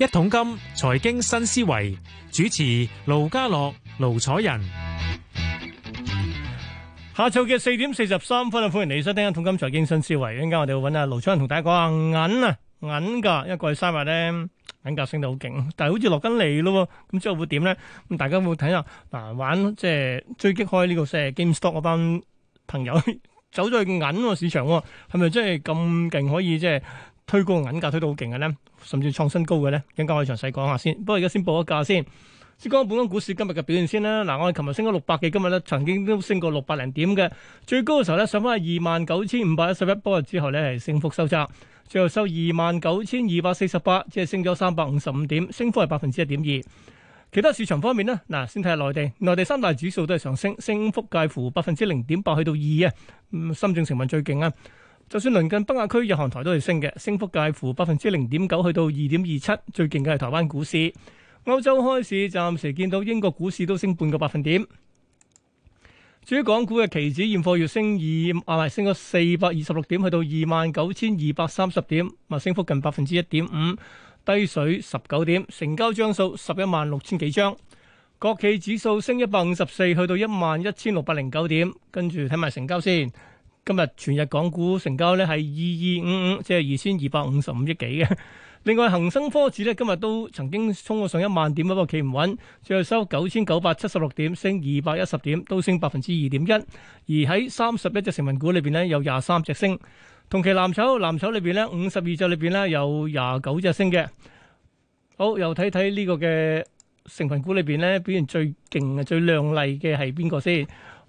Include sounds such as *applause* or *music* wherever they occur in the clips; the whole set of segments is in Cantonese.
一桶金財經新思維，主持盧家樂、盧楚仁，下晝嘅四點四十三分啊！歡迎嚟收聽一桶金財經新思維。陣間我哋會揾阿盧楚仁同大家講下，銀啊銀㗎，因為過去三日咧銀價升到好勁，但係好似落緊嚟咯，咁之後會點咧？咁大家會睇下嗱，玩即係追擊開呢個 GameStop 嗰班朋友，走咗去銀個市場，係咪真係咁勁可以即係？推高個銀價推到好勁嘅咧，甚至創新高嘅咧，陣間可以詳細講下先。不過而家先報一價先。先講下本港股市今日嘅表現先啦。嗱，我哋琴日升咗六百幾，今日咧曾經都升過六百零點嘅，最高嘅時候咧上翻係二萬九千五百一十一波，之後咧係升幅收窄，最後收二萬九千二百四十八，即係升咗三百五十五點，升幅係百分之一點二。其他市場方面呢，嗱，先睇下內地，內地三大指數都係上升，升幅介乎百分之零點八去到二啊。深圳成分最勁啊。就算鄰近北亞區，日韓台都係升嘅，升幅介乎百分之零點九去到二點二七。最勁嘅係台灣股市。歐洲開市暫時見到英國股市都升半個百分點。至於港股嘅期指現貨，要升二，啊，啊升咗四百二十六點，去到二萬九千二百三十點，啊升幅近百分之一點五，低水十九點，成交張數十一萬六千幾張。國企指數升一百五十四，去到一萬一千六百零九點。跟住睇埋成交先。今日全日港股成交咧係二二五五，即係二千二百五十五億幾嘅。另外恒生科指咧今日都曾經衝過上一萬點，不過企唔穩，最後收九千九百七十六點，升二百一十點，都升百分之二點一。而喺三十一隻成分股裏邊咧，有廿三隻升。同期藍籌藍籌裏邊咧，五十二隻裏邊咧有廿九隻升嘅。好，又睇睇呢個嘅成分股裏邊咧表現最勁、最亮麗嘅係邊個先？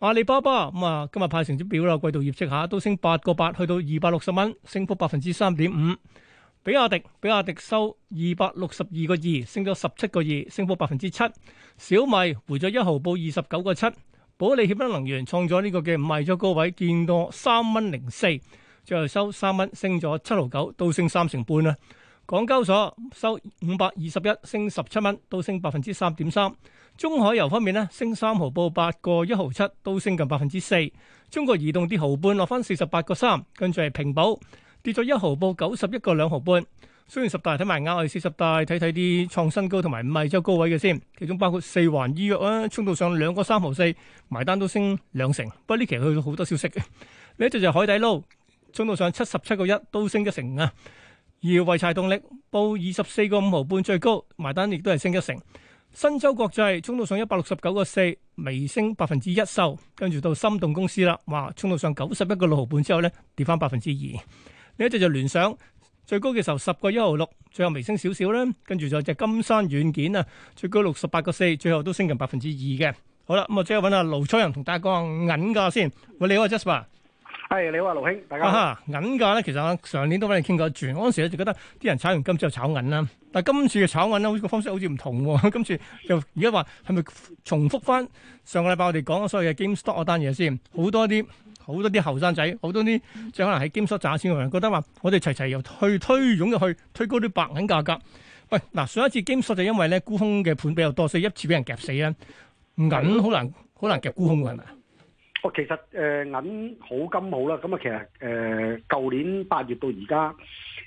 阿里巴巴咁啊，今日派成績表啦，季度業績下都升八個八，去到二百六十蚊，升幅百分之三點五。比亞迪，比亞迪收二百六十二個二，升咗十七個二，升幅百分之七。小米回咗一毫，報二十九個七，保利協鑫能源創咗呢個嘅賣咗高位，見到三蚊零四，最後收三蚊，升咗七毫九，都升三成半啦。港交所收五百二十一，升十七蚊，都升百分之三點三。中海油方面咧，升三毫報八個一毫七，都升近百分之四。中國移動跌毫半，落翻四十八個三，跟住係平保跌咗一毫報九十一個兩毫半。雖然十大睇埋啱，我哋四十大睇睇啲創新高同埋五日之後高位嘅先，其中包括四環醫藥啊，衝到上兩個三毫四，埋單都升兩成。不過呢期佢好多消息嘅，另一隻就係海底撈，衝到上七十七個一，都升一成啊。而濰柴動力報二十四個五毫半最高，埋單亦都係升一成。新洲國際衝到上一百六十九個四，微升百分之一收，跟住到心動公司啦，哇，衝到上九十一個六毫半之後咧，跌翻百分之二。另一隻就聯想，最高嘅時候十個一毫六，最後微升少少啦。跟住就隻金山軟件啊，最高六十八個四，最後都升近百分之二嘅。好啦，咁啊，即係搵阿盧楚仁同大家講下銀價先。喂，你好，Jasper。係你好啊，盧兄，大家。銀價咧，其實我上年都搵你傾過一，前嗰陣時咧就覺得啲人炒完金之後炒銀啦。但係今次嘅炒銀咧，好似個方式好似唔同喎。今次就而家話係咪重複翻上個禮拜我哋講咗所謂嘅 GameStop 嗰單嘢先？好多啲好多啲後生仔，好多啲即係可能喺 GameStop 賺咗錢嘅人，覺得話我哋齊齊又去推，湧入去推高啲白銀價格。喂、哎，嗱上一次 GameStop 就因為咧沽空嘅盤比較多，所以一次俾人夾死啦。銀好難好難夾沽空嘅，係咪？我其實誒銀、呃、好金好啦，咁啊其實誒舊、呃、年八月到而家。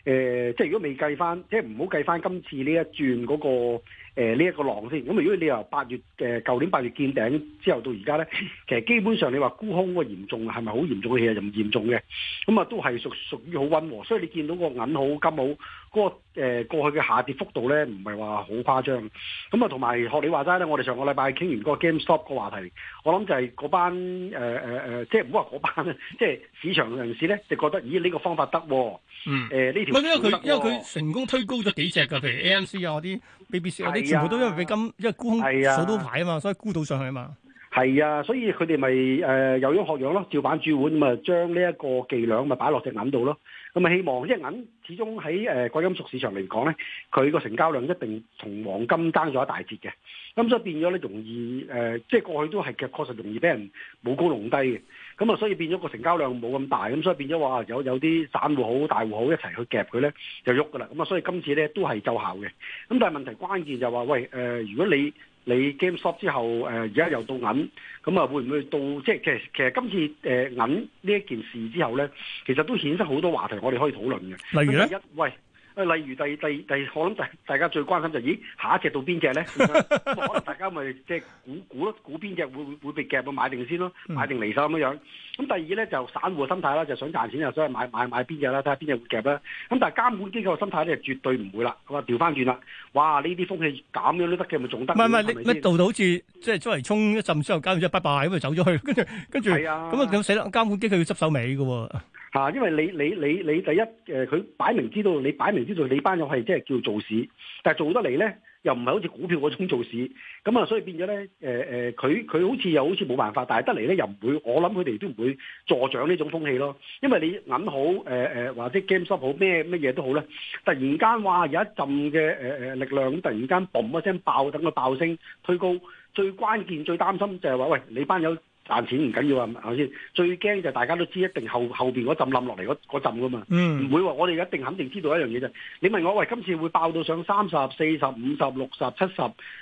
誒、呃，即係如果未計翻，即係唔好計翻今次呢一轉嗰、那個呢一、呃這個浪先。咁如果你由八月誒舊、呃、年八月見頂之後到而家咧，其實基本上你話沽空嗰個嚴重係咪好嚴重嘅？其實就唔嚴重嘅。咁、嗯、啊，都係屬屬於好溫和。所以你見到那個銀好金好嗰、那個誒、呃、過去嘅下跌幅度咧，唔係話好誇張。咁、嗯、啊，同埋學你話齋咧，我哋上個禮拜傾完個 GameStop 個話題，我諗就係嗰班誒誒誒，即係唔好話嗰班即係市場人士咧就覺得，咦？呢、這個方法得喎、啊。嗯，誒呢條，因為佢因為佢成功推高咗幾隻噶，譬如 AMC 啊，嗰啲 BBC 啊，嗰啲全部都因為比金因為沽空數都排啊嘛，所以沽到上去啊嘛。係啊，所以佢哋咪誒有樣學樣咯，照板煮碗咁啊，將呢一個伎倆咪擺落隻銀度咯。咁啊，希望因為銀始終喺誒、呃、貴金屬市場嚟講咧，佢個成交量一定同黃金爭咗一大截嘅。咁、嗯、所以變咗咧，容易誒、呃，即係過去都係嘅，確實容易俾人舞高弄低嘅。咁啊，所以變咗個成交量冇咁大，咁所以變咗話有有啲散戶好、大戶好一齊去夾佢咧，就喐㗎喇。咁啊，所以今次咧都係奏效嘅。咁但係問題關鍵就話，喂誒、呃，如果你你 GameStop 之後誒，呃、而家又到銀，咁啊會唔會到即係其實其實今次誒、呃、銀呢一件事之後咧，其實都顯出好多話題，我哋可以討論嘅。例如呢：一，家喂。例如第二第二第二，我諗大大家最關心就係、咦，下一隻到邊隻咧？ *laughs* 可能大家咪即係估估咯，估邊隻會會會被夾，到買定先咯，買定離手咁樣。咁第二咧就散戶嘅心態啦，就想賺錢就想買買買邊隻啦，睇下邊隻會夾啦。咁但係監管機構嘅心態咧，絕對唔會啦。佢話調翻轉啦，哇！呢啲風氣咁樣都得嘅，咪仲得？唔係唔係，係係你乜到到好似即係出嚟衝一陣之後，搞到即係拜拜咁啊，拜拜就走咗去了，跟住跟住，咁是啊咁死啦！監管機構要執手尾嘅喎。因為你你你你第一誒，佢、呃、擺，擺明知道你擺明知道你班友係即係叫做市，但做得嚟咧，又唔係好似股票嗰種做市咁啊，所以變咗咧誒誒，佢、呃、佢好似又好似冇辦法，但係得嚟咧又唔會，我諗佢哋都唔會助長呢種風氣咯。因為你銀好誒、呃、或者 GameStop 好咩乜嘢都好咧，突然間話有一陣嘅力量突然間嘣一聲爆等個爆聲推高，最關鍵最擔心就係、是、話喂，你班友。賺錢唔緊要啊，係先？最驚就大家都知，一定後面嗰陣冧落嚟嗰陣噶嘛。唔、嗯、會話我哋一定肯定知道一樣嘢就係，你問我喂，今次會爆到上三十四十五十六十七十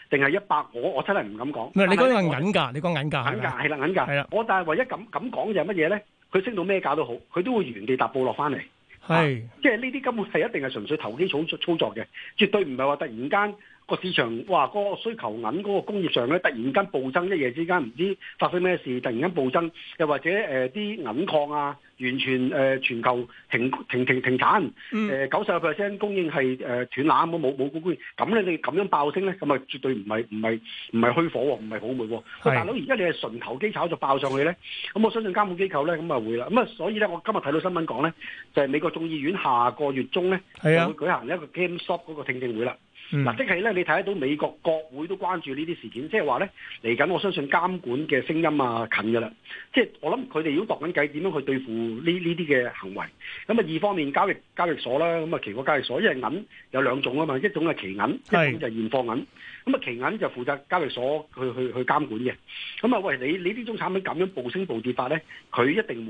定係一百？我我真係唔敢講。唔係你講緊銀㗎，你講銀價係係啦銀㗎，係啦的。我但係唯一咁咁講就係乜嘢咧？佢升到咩價都好，佢都會原地踏步落翻嚟。係的、啊，即係呢啲根本係一定係純粹投機操操作嘅，絕對唔係話突然間。個市場哇，嗰、那個需求銀嗰個工業上咧，突然間暴增，一夜之間唔知發生咩事，突然間暴增，又或者誒啲、呃、銀礦啊，完全誒、呃、全球停停停停產，誒九十個 percent 供應係誒、呃、斷纜咁，冇冇供應，你哋咁樣爆升咧，咁啊絕對唔係唔係唔係虛火喎、哦，唔係泡沫喎。大佬，而家你係純投機炒作爆上去咧，咁我相信監管機構咧，咁啊會啦。咁啊所以咧，我今日睇到新聞講咧，就係、是、美國眾議院下個月中咧，會舉行一個 GameStop 嗰個聽證會啦。嗱，嗯、即係咧，你睇得到美國國會都關注呢啲事件，即係話咧嚟緊，我相信監管嘅聲音啊，近噶啦。即係我諗佢哋如果度緊計點樣去對付呢呢啲嘅行為，咁啊二方面交易交易所啦，咁啊期貨交易所，因為銀有兩種啊嘛，一種係期銀，一種就係現貨銀。咁啊期銀就負責交易所去去去監管嘅。咁啊，喂，你你呢種產品咁樣暴升暴跌法咧，佢一定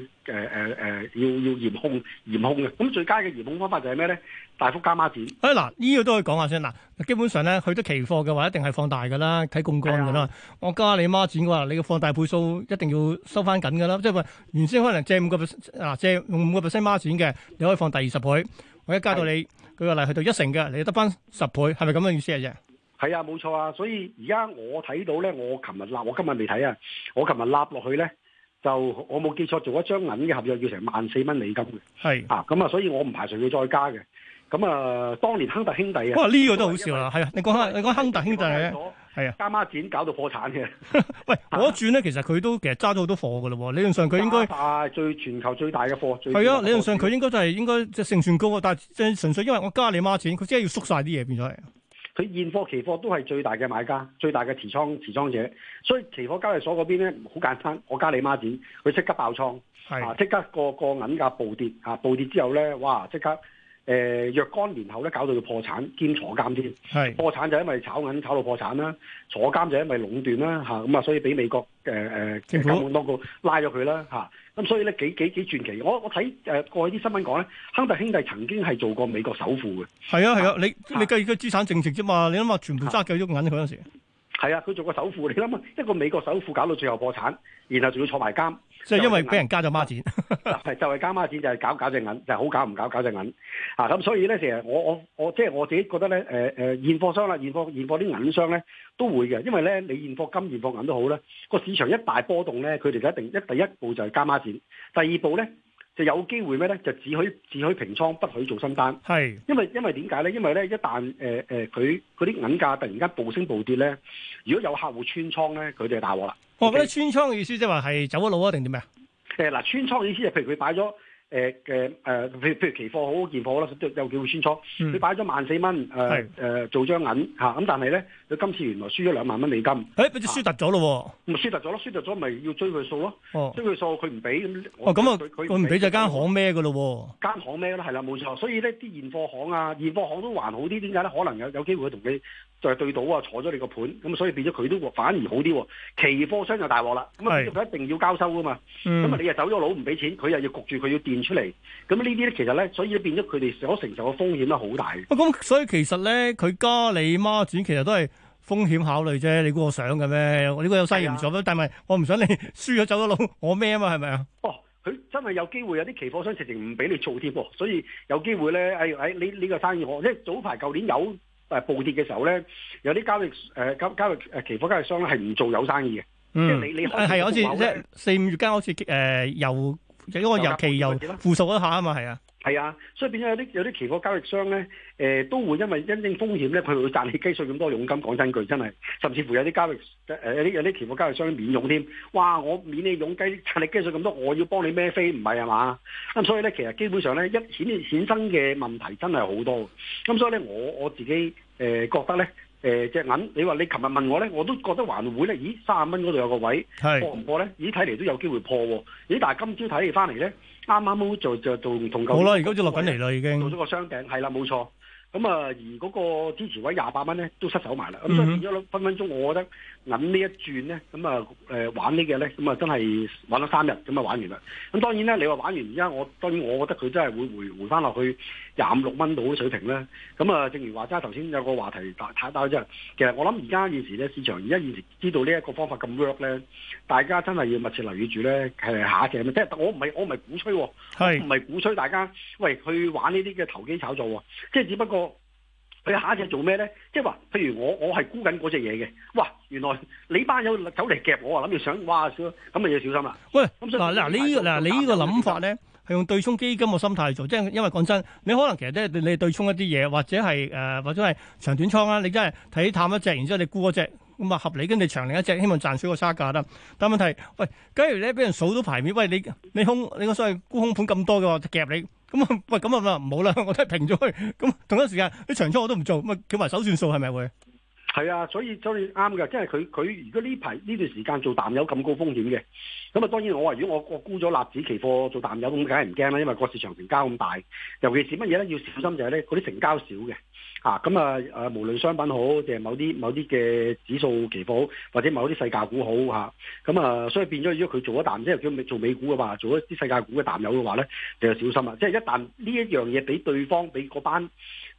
會。誒誒誒，要要嚴控嚴控嘅，咁最佳嘅嚴控方法就係咩咧？大幅加孖展。哎嗱，呢個都可以講下先嗱。基本上咧，去到期貨嘅話一定係放大嘅啦，睇槓桿嘅啦。的我加你孖展嘅話，你個放大倍數一定要收翻緊嘅啦。即係話原先可能借五個嗱借用五個 percent 孖展嘅，你可以放第二十倍。我一加到你舉的個例去到一成嘅，你得翻十倍，係咪咁嘅意思啊？啫？係啊，冇錯啊。所以而家我睇到咧，我琴日立，我今日未睇啊。我琴日立落去咧。就我冇記錯，做一張銀嘅合約要成萬四蚊美金嘅。係啊，咁是的 啊，所以我唔排除要再加嘅。咁啊，當年亨特兄弟啊，哇，呢、這個都好笑啦。係啊為，你講下為你講亨特兄弟咧，係啊，加孖錢搞到破產嘅。的 *laughs* 喂，我一轉咧，其實佢都其實揸咗好多貨嘅咯。啊、理論上佢應該啊，最全球最大嘅貨。係啊，理論上佢應該就係、是、應該即係勝算高，啊。但係即係純粹因為我加你孖錢，佢即係要縮晒啲嘢變咗係。佢現貨期貨都係最大嘅買家、最大嘅持倉持倉者，所以期貨交易所嗰邊咧，好簡單，我加你孖展，佢即刻爆倉，啊、即刻個個銀價暴跌，啊。暴跌之後咧，哇！即刻。誒、呃、若干年後咧，搞到佢破產兼坐監添。係是破產就因為炒銀炒到破產啦，坐監就因為壟斷啦嚇。咁啊，所以俾美國誒誒政府多個拉咗佢啦嚇。咁、啊、所以咧幾幾幾傳奇。我我睇誒過去啲新聞講咧，亨特兄弟曾經係做過美國首富嘅。係啊係啊，啊啊你你計佢資產淨值啫嘛，你諗下全部揸幾喐銀佢嗰、啊啊係啊，佢做個首富，你諗啊，一個美國首富搞到最後破產，然後仲要坐埋監，即係因為俾人加咗孖展，係 *laughs* 就係加孖展，就係搞搞隻銀，就係、是、好搞唔搞搞隻銀 *laughs* 啊！咁所以咧，成日我我我即係、就是、我自己覺得咧，誒、呃、誒、呃、現貨商啦，現貨現貨啲銀商咧都會嘅，因為咧你現貨金、現貨銀都好啦，個市場一大波動咧，佢哋就一定一第一步就係加孖展，第二步咧。就有機會咩咧？就只許只許平倉，不許做新單。係是，因為因為點解咧？因為咧一旦誒誒佢啲銀價突然間暴升暴跌咧，如果有客戶穿倉咧，佢哋就大鑊啦。我覺得穿倉嘅意思即係話係走咗佬啊，定點咩啊？誒嗱，穿倉意思就係係、呃意思就係、譬如佢擺咗。誒誒誒，譬如譬如期貨好，現貨好啦，都有機會穿梭。嗯、你擺咗萬四蚊，誒、呃、誒是做張銀吓，咁、啊、但係咧，佢今次原來輸咗兩萬蚊美金。誒、欸，佢就輸突咗咯，唔係輸突咗咯，輸突咗咪要追佢數咯。哦、追佢數佢唔俾，哦咁啊，佢佢唔俾就間行孭噶咯？間行孭咯？係啦，冇錯。所以咧，啲現貨行啊，現貨行都還好啲。點解咧？可能有有機會同你。就係對到啊，坐咗你個盤，咁、嗯、所以變咗佢都反而好啲喎、啊。期貨商就大鑊啦，咁啊佢一定要交收噶嘛，咁啊你又走咗佬唔俾錢，佢又要焗住佢要墊出嚟，咁呢啲咧其實咧，所以變咗佢哋所承受嘅風險都好大。咁所以其實咧，佢加你孖展其實都係風險考慮啫，你估我想嘅咩？我、這、呢個有生意唔做，咩？但係我唔想你輸咗走咗佬，我孭啊嘛，係咪啊？哦，佢真係有機會有啲期貨商直情唔俾你做添，所以有機會咧，哎哎，你呢個生意我即係早排舊年有。但係暴跌嘅時候呢，有啲交易呃交交易期貨交易商咧係唔做有生意嘅，嗯，即係你你係係好似即係四五月間好似呃又嗰個油期又，負數一下啊嘛，係啊。係啊，所以變咗有啲有啲期貨交易商咧，誒、呃、都會因為因應風險咧，佢會賺你雞碎咁多佣金。講真句真係，甚至乎有啲交易誒、呃、有啲有啲期貨交易商免佣添。哇！我免你佣雞賺你雞碎咁多，我要幫你孭飛唔係啊嘛？咁、嗯、所以咧，其實基本上咧，一顯現衍生嘅問題真係好多。咁、嗯、所以咧，我我自己誒、呃、覺得咧。誒、呃、隻銀，你話你琴日問我咧，我都覺得還會咧。咦，三十蚊嗰度有個位，破唔破咧？咦，睇嚟都有機會破喎。咦，但係今朝睇嚟翻嚟咧，啱啱好就就唔同夠。好啦，而家就落緊嚟啦，已經。做咗個雙頂，係啦，冇錯。咁、嗯、啊，而嗰個支持位廿八蚊咧，都失手埋啦。咁所以變咗分分鐘，我覺得銀一轉呢一轉咧，咁、嗯、啊、呃、玩呢嘅咧，咁、嗯、啊真係玩咗三日，咁、嗯、啊玩完啦。咁、嗯、當然呢，你話玩完而家，我當然我覺得佢真係會回回翻落去。廿五六蚊到嘅水平咧，咁啊，正如話齋，頭先有個話題打打開，其實我諗而家現時咧，市場而家現時知道呢一個方法咁 work 咧，大家真係要密切留意住咧，係下一隻即係我唔係我唔係鼓吹，喎，唔係鼓吹大家，喂，去玩呢啲嘅投機炒作，即係只不過佢下一隻做咩咧？即係話，譬如我我係沽緊嗰隻嘢嘅，哇，原來你班友走嚟夾我啊，諗要想，哇，咁咪要小心啦。喂，嗱嗱，你呢個嗱你呢個諗法咧？用對沖基金嘅心態去做，即係因為講真，你可能其實咧你係對沖一啲嘢，或者係、呃、或者係長短倉啦。你真係睇淡一隻，然之後你沽嗰隻咁啊合理，跟住長另一隻，希望賺取個差價啦。但問題，喂，假如你俾人數到牌面，喂，你你空你個所謂沽空盤咁多嘅，夾你咁啊、嗯、喂咁啊唔好啦，我都係平咗佢。咁、嗯、同一時間你長倉我都唔做，咪叫埋手算數係咪會？是係啊，所以所以啱嘅，即係佢佢如果呢排呢段時間做淡友咁高風險嘅，咁啊當然我話如果我我沽咗納指期貨做淡友咁梗係唔驚啦，因為個市場成交咁大，尤其是乜嘢咧？要小心就係咧，嗰啲成交少嘅咁啊誒、啊啊，無論商品好定係、即係、某啲某啲嘅指數期貨好，或者某啲世界股好咁啊，啊，所以變咗如果佢做一啖，即係佢做美股嘅話，做一啲世界股嘅淡友嘅話咧，你就要小心啊！即係一旦呢一樣嘢俾對方俾嗰班。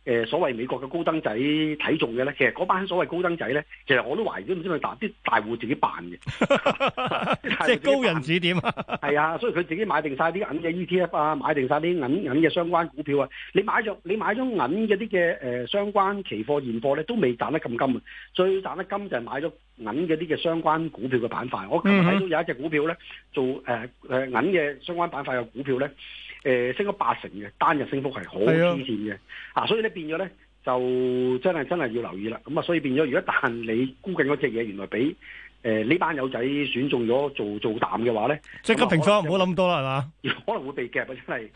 誒、呃、所謂美國嘅高登仔睇中嘅咧，其實嗰班所謂高登仔咧，其實我都懷疑都唔知佢大啲大戶自己扮嘅，即係 *laughs* 高人指點。係 *laughs* 啊，所以佢自己買定晒啲銀嘅 ETF 啊，買定晒啲銀銀嘅相關股票啊。你買咗你買咗銀嘅啲嘅誒相關期貨現貨咧，都未賺得咁金啊！最賺得金就係買咗銀嗰啲嘅相關股票嘅板塊。我今日睇到有一隻股票咧，做誒誒、呃、銀嘅相關板塊嘅股票咧。.誒、呃、升咗八成嘅，單日升幅係好黐線嘅。是啊，所以咧變咗咧就真係真係要留意啦。咁啊，所以變咗，如果但你沽緊嗰隻嘢，原來俾。誒，呢、呃、班友仔選中咗做做，做淡嘅話咧，即刻平倉，唔好諗咁多啦，係嘛？可能會被夾，真係。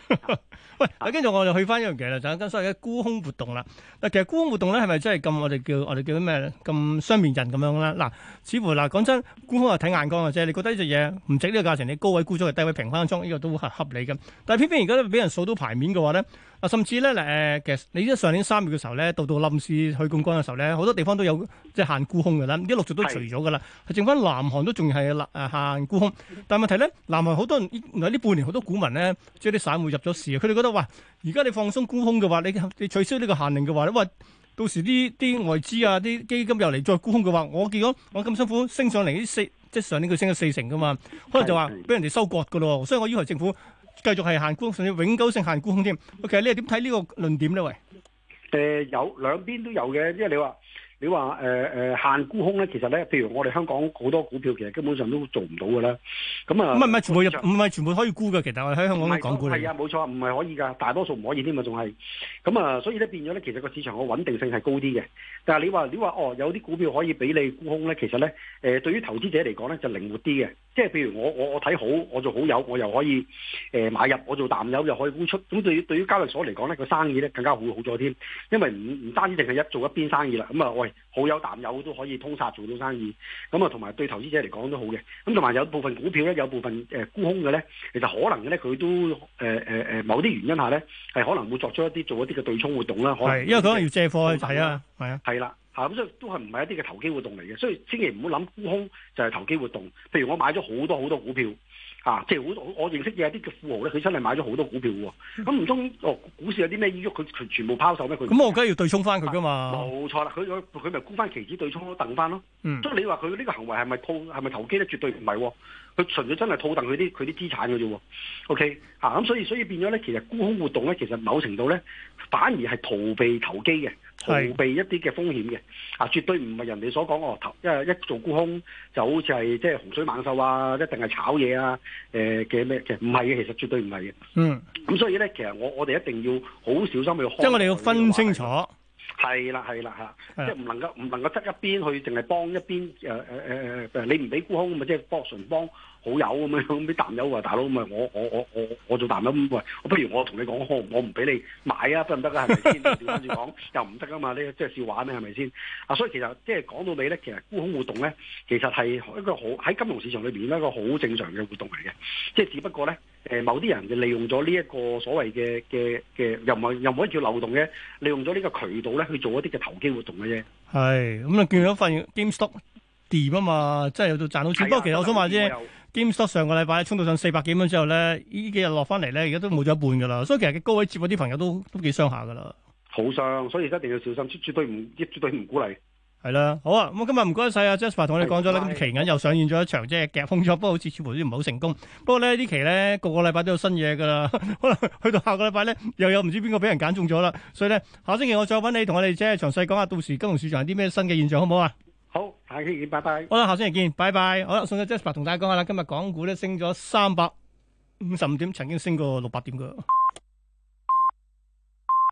喂，跟住 *laughs* 我哋去翻一樣嘢啦，就係跟所謂嘅沽空活動啦。嗱，其實沽空活動咧係咪真係咁我哋叫我哋叫咩咁雙面人咁樣啦。嗱，似乎嗱講真，沽空係睇眼光嘅啫。你覺得呢隻嘢唔值呢個價錢，你高位沽咗，係低位平翻個倉，呢、這個都合合理嘅。但係偏偏而家都俾人掃到牌面嘅話咧。啊、甚至咧，嗱、呃、誒，其實你知上年三月嘅時候咧，到到臨時去供光嘅時候咧，好多地方都有即係限沽空嘅啦，啲陸續都除咗噶啦，係是的 剩翻南韓都仲係立限沽空。但係問題咧，南韓好多人嗱呢半年好多股民咧，即係啲散戶入咗市，佢哋覺得喂，而家你放鬆沽空嘅話，你你取消呢個限令嘅話，哇，到時啲啲外資啊、啲基金又嚟再沽空嘅話，我見到我咁辛苦升上嚟呢，四，即係上年佢升咗四成噶嘛，可能就話俾人哋收割噶咯，所以我要求政府。繼續係限沽，甚至永久性限沽空添。OK，你係點睇呢個論點咧？喂、呃，誒有兩邊都有嘅，因為你話。你話誒誒限沽空咧，其實咧，譬如我哋香港好多股票，其實根本上都做唔到嘅啦。咁啊，唔係唔係全部入，唔係全部可以沽嘅。其實我哋喺香港嘅港股，係啊，冇錯，唔係可以㗎，大多數唔可以添啊，仲係。咁啊，所以咧變咗咧，其實個市場嘅穩定性係高啲嘅。但係你話你話哦，有啲股票可以俾你沽空咧，其實咧誒、呃，對於投資者嚟講咧就靈活啲嘅。即係譬如我我我睇好，我做好友，我又可以誒、呃、買入，我做淡友又可以沽出。咁對於對於交易所嚟講咧，個生意咧更加會好更好咗添，因為唔唔單止淨係一做一邊生意啦。咁啊，喂。好友淡友都可以通殺做到生意，咁啊同埋對投資者嚟講都好嘅，咁同埋有部分股票咧，有部分、呃、沽空嘅咧，其實可能嘅咧，佢都、呃呃、某啲原因下咧，係可能會作出一啲做一啲嘅對沖活動啦。係，因為佢可能要借貨去睇啊，係啊，係啦，咁所以都係唔係一啲嘅投機活動嚟嘅，所以千祈唔好諗沽空就係投機活動。譬如我買咗好多好多股票。啊，即係好我認識嘅啲叫富豪咧，佢真係買咗好多股票喎，哦，咁唔通哦，股市有啲咩意喐，佢全全部拋售咩？佢咁我梗係要對沖翻佢噶嘛，冇、啊、錯啦，佢佢佢咪沽翻期指對沖咯，返翻咯。嗯。咁你話佢呢個行為係咪套係咪投機咧？絕對唔係，哦，佢純粹真係套燉佢啲佢啲資產嘅啫，哦。O K。啊，咁所以所以變咗咧，其實沽空活動咧，其實某程度咧，反而係逃避投機嘅。逃避一啲嘅風險嘅，啊、嗯嗯，絕對唔係人哋所講哦，投，因為一做沽空就好似係即係洪水猛獸啊，一定係炒嘢啊，誒嘅咩嘅，唔係嘅，其實絕對唔係嘅。嗯，咁所以咧，其實我我哋一定要好小心去開，即係、嗯、我哋要分清楚。係啦，係啦嚇，即係唔能夠唔能夠側一邊去，淨係幫一邊誒誒誒誒，你唔俾沽空咪即係博純幫好友咁樣，咁啲淡友話大佬，咪我我我我我做淡友，喂，不如我同你講，我我唔俾你買啊，得唔得啊？係咪先？點住講又唔得啊嘛？呢即係笑話咩？係咪先？啊，所以其實即係講到尾咧，其實沽空活動咧，其實係一個好喺金融市場裏邊一個好正常嘅活動嚟嘅，即係只不過咧。誒，某啲人就利用咗呢一個所謂嘅嘅嘅，又唔係又唔可以叫漏洞嘅，利用咗呢個渠道咧去做一啲嘅投機活動嘅啫。係，咁啊賺咗份 GameStop 跌啊嘛，真係有到賺到錢。不過其實我想話啫，GameStop 上個禮拜衝到上四百幾蚊之後咧，呢幾日落翻嚟，咧而家都冇咗一半噶啦。所以其實嘅高位接嗰啲朋友都都幾傷下噶啦。好傷，所以一定要小心，絕絕對唔，絕對唔鼓勵。係啦，好啊，咁今日唔該晒啊 Jasper 同我哋講咗啦，咁的期銀又上演咗一場啫，即係夾空咗，不過好似似乎都唔好成功。不過咧呢期咧，個個禮拜都有新嘢噶啦，可能去到下個禮拜咧又有唔知邊個俾人揀中咗啦。所以咧下星期我再揾你同我哋即係詳細講下到時金融市場啲咩新嘅現象，好唔好啊？好，下期見，拜拜。好啦、啊，下星期見，拜拜。好啦、啊，送咗 Jasper 同大家講下啦，今日港股咧升咗三百五十五點，曾經升過六百點噶。